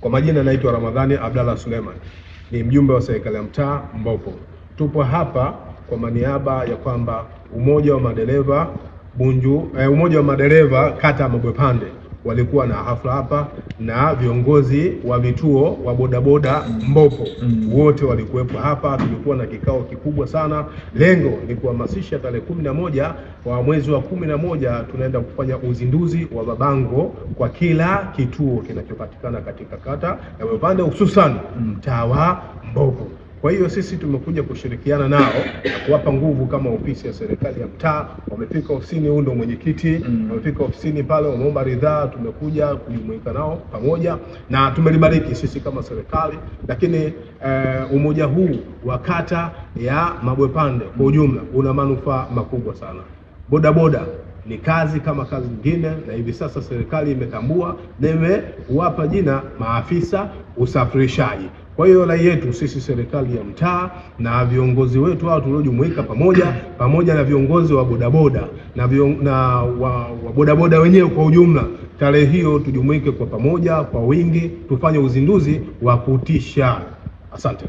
Kwa majina naitwa Ramadhani Abdallah Suleiman, ni mjumbe wa serikali ya mtaa Mbopo. Tupo hapa kwa maniaba ya kwamba umoja wa madereva Bunju, eh, umoja wa madereva kata ya Mabwepande walikuwa na hafla hapa na viongozi wa vituo wa bodaboda Mbopo mm. wote walikuwepo hapa. Tulikuwa na kikao kikubwa sana, lengo ni kuhamasisha tarehe kumi na moja wa mwezi wa kumi na moja tunaenda kufanya uzinduzi wa mabango kwa kila kituo kinachopatikana katika kata ya Mwepande hususan mm. mtaa wa Mbopo. Kwa hiyo sisi tumekuja kushirikiana nao na kuwapa nguvu kama ofisi ya serikali ya mtaa. Wamefika ofisini, huyu ndo mwenyekiti mm. Wamefika ofisini pale, wameomba ridhaa, tumekuja kujumuika nao pamoja na tumelibariki sisi kama serikali, lakini e, umoja huu wa kata ya Mabwepande kwa ujumla una manufaa makubwa sana. Bodaboda ni kazi kama kazi nyingine, na hivi sasa serikali imetambua na imewapa jina maafisa usafirishaji. Kwa hiyo rai yetu sisi serikali ya mtaa na viongozi wetu hao tuliojumuika pamoja pamoja na viongozi wa bodaboda na, viong, na wa, wa bodaboda wenyewe kwa ujumla, tarehe hiyo tujumuike kwa pamoja kwa wingi, tufanye uzinduzi wa kutisha. Asante.